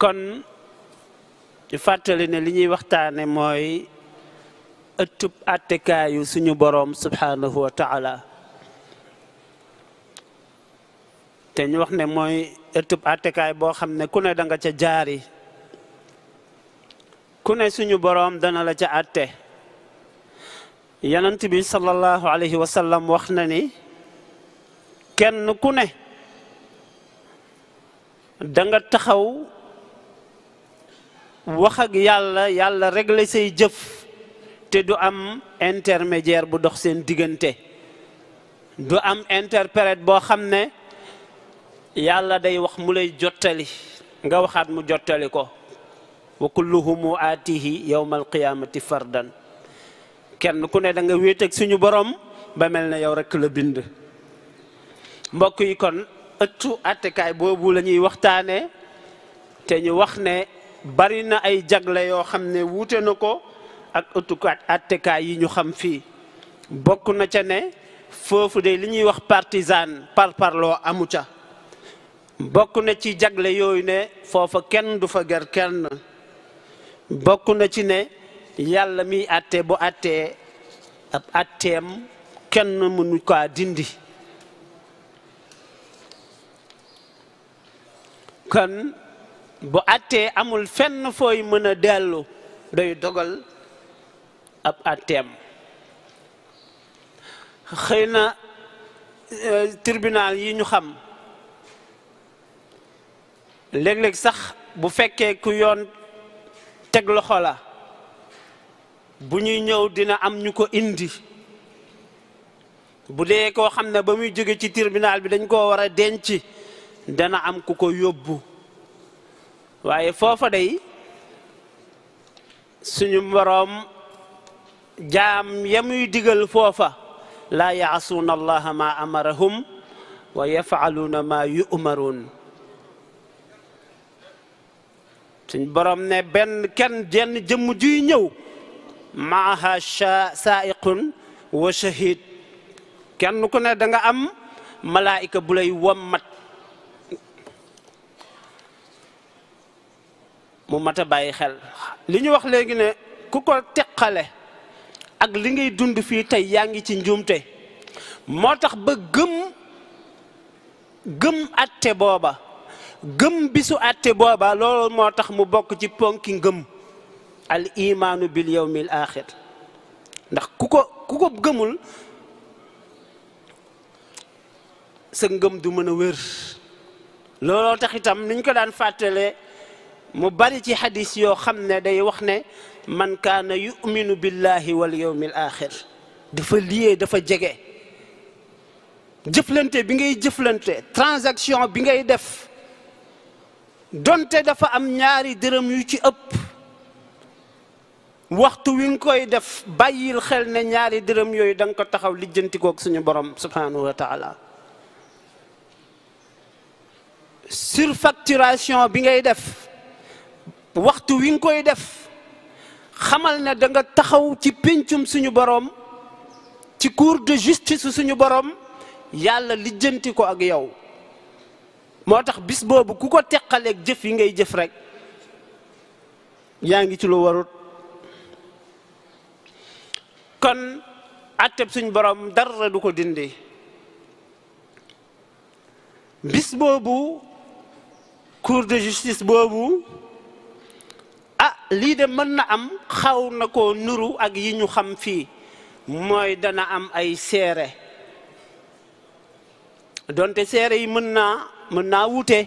kon ci fàttali ne li ñuy waxtaane mooy ëttub àttekaayu suñu boroom subhaanahu wa taala te ñu wax ne mooy ëttub àttekaay boo xam ne ku ne da nga ca jaari ku ne suñu boroom dana la ca àtte yonent bi sallallahu wa sallam wax na ni kenn ku ne danga nga taxaw wax ak yàlla yàlla régler say jëf te du am intermédiaire bu dox seen diggante du am interprète boo xam ne yàlla day wax mu lay jottali nga waxaat mu jottali ko wa kulluhumu aatihi yowma alqiyamati fardan kenn ku ne danga nga suñu borom ba mel ne yow rekk la bind mbokk yi kon ëttu attekaay boobu la waxtaane te ñu wax ne bari na ay jagle yoo xam ne wuute na ko ak ëttukaat attekaay yi ñu xam fii bokk na ca ne foofu de li ñuy wax partizan par parloo amu ca bokk na ci jagle yooyu ne foofa kenn du fa ger kenn bokk na ci ne yàlla miy àtte bu àttee ab àtteem kenn mënu kaa dindi kon bu attee amul fenn fooy mën a dellu day dogal ab atteem xëy na euh, tribunal yi ñu xam léeg-léeg sax bu fekkee ku yoon teg loxo la bu ñuy ñëw dina am ñu ko indi bu dee koo xam ne ba muy jóge ci tribunal bi dañ koo war a denc dana am ku ko yóbbu waaye foofa day suñu boroom jaam yamuy digal foofa laa yaasuuna allaha ma amarahum wa yafaaluuna ma yu'maruun suñ boroom ne benn kenn jenn jëmm juy ñëw maaha saaiqun wa shahid kenn ku ne da am malaayika bu lay wommat mu mat a bàyyi xel li ñu wax léegi ne ku ko teqale ak li ngay dund fii tey yaa ngi ci njumte moo tax ba gëm gëm atte booba gëm bisu atte booba loolu moo tax mu bokk ci ponki ngëm al imaanu bil yawmil axir ndax ku ko ku gëmul sa gëm du mën a wér looloo tax itam niñ ko daan fàttalee mu bari ci xadis yoo xam ne day wax ne man kaana yuminu billahi wal yawmil axir dafa lié dafa jege jëflante bi ngay jëflante transaction bi ngay def donte dafa am ñaari dërëm yu ci ëpp waxtu wi nga koy def bàyyil xel ne ñaari dërëm yooyu danga ko taxaw lijjantikook suñu borom subhanahu wa surfacturation bi ngay def waxtu wi nga koy def xamal na danga nga taxaw ci péncum suñu boroom ci cour de justice suñu borom yàlla lijjanti ko ak yow moo tax bis boobu ku ko teqaleeg jëf yi ngay jëf rek yaa ngi ci lu warut kon atteb suñu borom dara du ko dindi bis boobu cour de justice boobu lii de mën na am xaw na ko nuru ak yi ñu xam fii mooy dana am ay seere doonte seere yi mën naa mën naa wute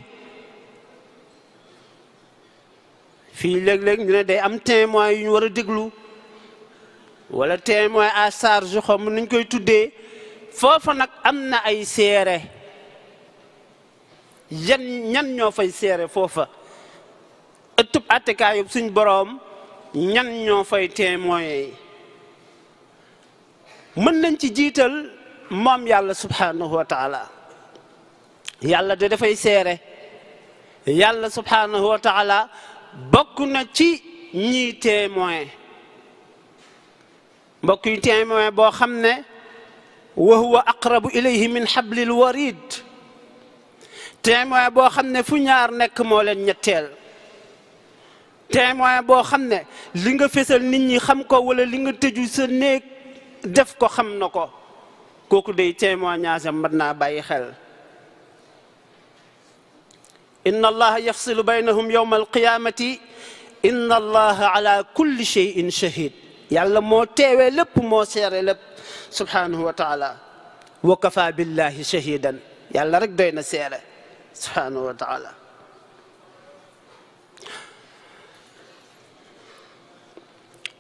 fii léeg-léeg ne day am témoin yu ñu war a déglu walla témoin à charge xam nañ koy tuddee foofa nag am na ay seere yan ñan ñoo fay seere foofa ëttub attekaayub suñ boroom ñan ñoo fay témoin yi mën nañ ci jiital moom yàlla subhaanahu wa yàlla de dafay seere yàlla subhaanahu wa taala bokk na ci ñiy témoin mbokk yu témoin boo xam ne wa huwa aqrabu ilayhi min xablil warid témoin boo xam ne fu ñaar nekk moo leen ñetteel témoin boo xam ne li nga fésal nit ñi xam ko wala li nga tëju sa def ko xam na ko kooku day témoignage am mën naa bàyyi xel inna allaha yafsilu baynahum yowma alqiyamati inna allaha ala kulli cheyin shahid yàlla moo teewee lépp moo seere lépp subhanahu wa taala wa kafa billahi shahidan yàlla rek doy na seere subhanahu wa taala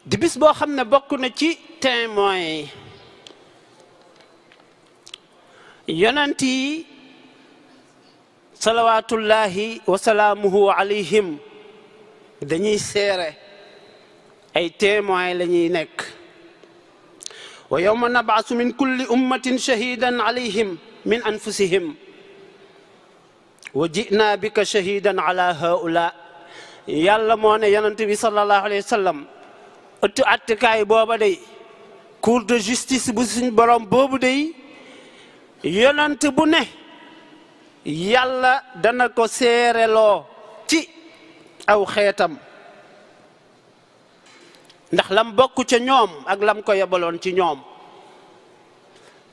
di boo xam ne bokk na ci témoin yi yonent yi salawaatullahi wasalaamuhu alayhim dañuy seere ay témoin la nekk wa yowma nabaasu min kulli ummatin shahidan alayhim min anfusihim wa jinaa bika shahidan ala haula yàlla moo ne yonent bi sallallahu alayhi wa sallam ëttu attekaay booba day cour de justice bu suñ borom boobu day yonant bu ne yàlla dana ko seereloo ci aw xeetam ndax lam bokk ca ñoom ak lam ko yebaloon ci ñoom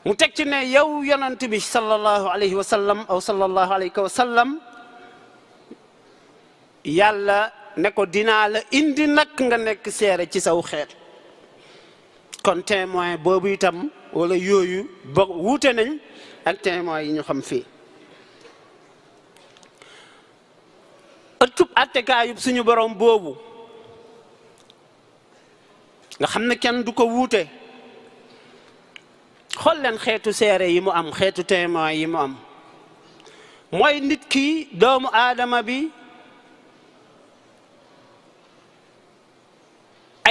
mu teg ci ne yow yonant bi sallallahu alayhi wa sallam aw sallallahu alayka wa sallam yàlla ne ko dinaa la indi nag nga nekk seere ci saw xeet kon témoin boobu itam walla yooyu ba wuute nañ ak témoin yi ñu xam fii ëttub attekaayub suñu borom boobu nga xam ne kenn du ko wuute xool leen xeetu seere yi mu am xeetu témoin yi mu am mooy nit ki doomu aadama bi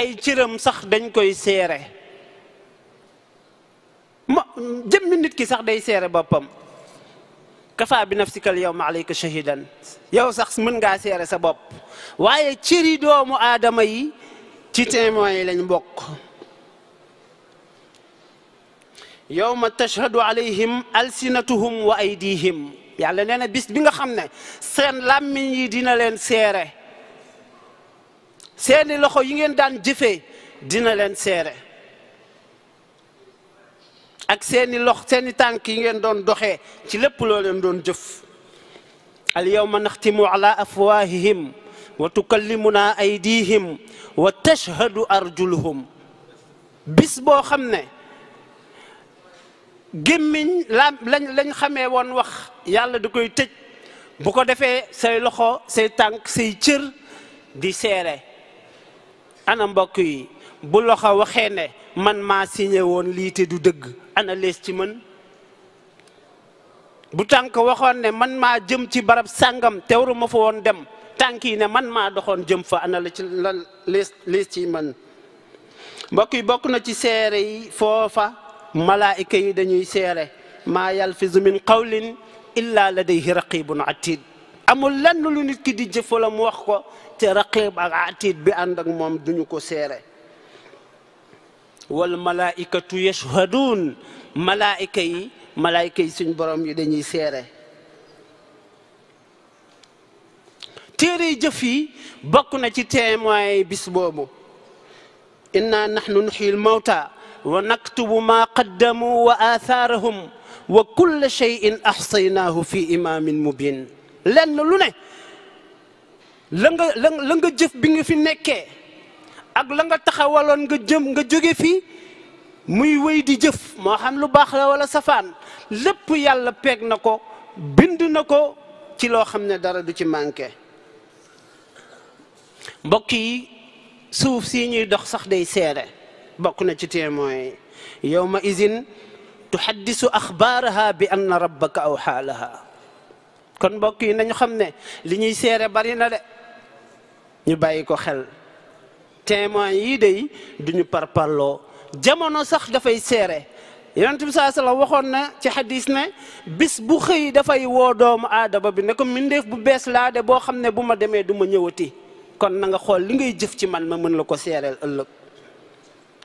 ay cëram sax dañ koy seere ma nit ki sax day seere boppam kafaa bi nafsikal yawma alayka shahidan yow sax mën ngaa seere sa bopp waaye cëri doomu aadama yi ci témoins yi lañ bokk yawma tashhadu alayhim alsinatuhum wa aydihim yàlla nee na bis bi nga xam ne seen làmmiñ yi dina leen seere seeni loxo yi ngeen daan jëfee dina leen seere ak seeni lox seeni tànk yi ngeen doon doxee ci lépp loo leen doon jëf al yawma naxtimu ala afwahihim wa tukallimuna aydihim wa tashhadu arjuluhum bis boo xam ne gémmiñ la lañ lañ xamee woon wax yàlla da koy tëj bu ko defee say loxo say tànk say cër di seere ana mbokk yi bu loxo waxee ne man maa signé woon liite du dëgg ana lees ci mën bu tànk waxoon ne man maa jëm ci barab sàngam te waruma fa woon dem tànk yi ne man maa doxoon jëm fa ana la ci la lees ci mën mbokk yi bokk na ci seere yi foofa malaayika yi dañuy seere maa yalfizu min qawlin illa ladayhi raqibun atid amul lenn lu nit ki di mu wax ko te ak atiid bi ànd ak moom duñu ko seere wal malaikatu yashhaduun malaayika yi malaayika yi borom yi dañuy seere téere jëf yi bokk na ci témoins yi bis boobu inna nahnu nuxyi lmawta wa naktubu ma qaddamu wa aathaarahum wa kulla cheyin axsaynaahu fi imaamin mubin lenn lu ne la nga la la nga jëf bi nga fi nekkee ak la nga taxawaloon nga jëm nga jóge fi muy wéy di jëf moo xam lu baax la wala safaan lépp yàlla peeg na ko bind na ko ci loo xam ne dara du ci manqué mbokk yi suuf si ñuy dox sax day seere bokk na ci témoin yi yow ma isin tuhaddisu axbaaraha bi anna rabbaka aw xaalaha kon mbokk yi nañu xam ne li ñuy seere bari na de ñu bàyyi ko xel témoins yii day duñu parparloo jamono sax dafay seere yonent bi saa sallam waxoon na ci xadis ne bis bu xëy dafay woo doomu aadama bi ne ko mbindeef bu bees laa de boo xam ne bu ma demee du ma ñëwati kon na nga xool li ngay jëf ci man ma mën la ko seereel ëllëg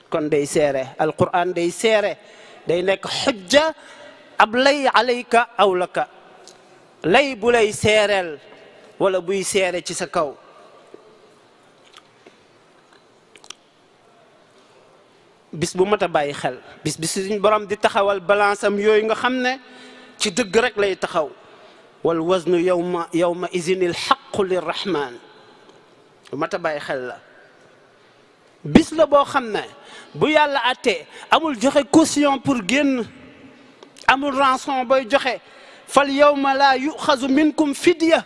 kon day seere alquran day seere day nekk xujja ab lay alayka aw laka lay bu lay seereel wala buy seere ci sa kaw bis bu mat a bàyyi xel bis bi suñ borom di taxawal balance am yooyu nga xam ne ci dëgg rek lay taxaw wal wasnu yawma yawma izinil xaqu lirrahman lu mat a bàyyi xel la bis la boo xam ne bu yàlla àttee amul joxe caution pour génn amul ranson booy joxe fal yawma laa yuxazu minkum fidya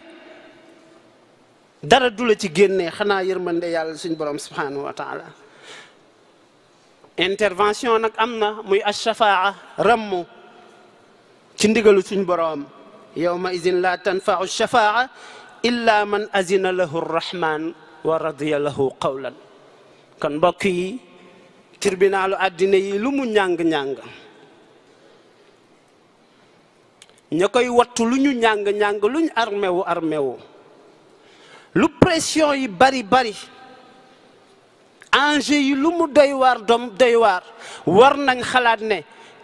dara du la ci génnee xanaa yërmande yàlla suñ borom subhanahu wa taala intervention nag am na muy ashafaa rammu ci ndigalu suñ borom yawma idin la tanfau shafaa illa man azina lahu rrahman wa radiya lahu qawlan kon mbokk yi tribunalu àddina yi lu mu ñàng-ñàng ña koy wattu lu ñu ñàng-ñàng luñ armé wu lu pression yi bari bari enjeu yi lu mu doy waar doom doy waar war nañ xalaat ne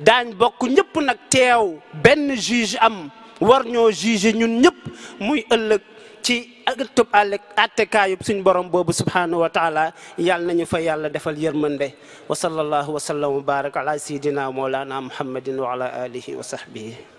daañ bokk ñëpp nag teew benn juge am war ñoo juge ñun ñëpp muy ëllëg ci ëttub àllëg attekaayub suñ borom boobu subhaanahu wa taala yàlla nañu fa yàlla defal man yërmande wa sallallahu wa sallam wa baraka ala sayidina mawlana muhammadin wa ala alihi wa sahbihi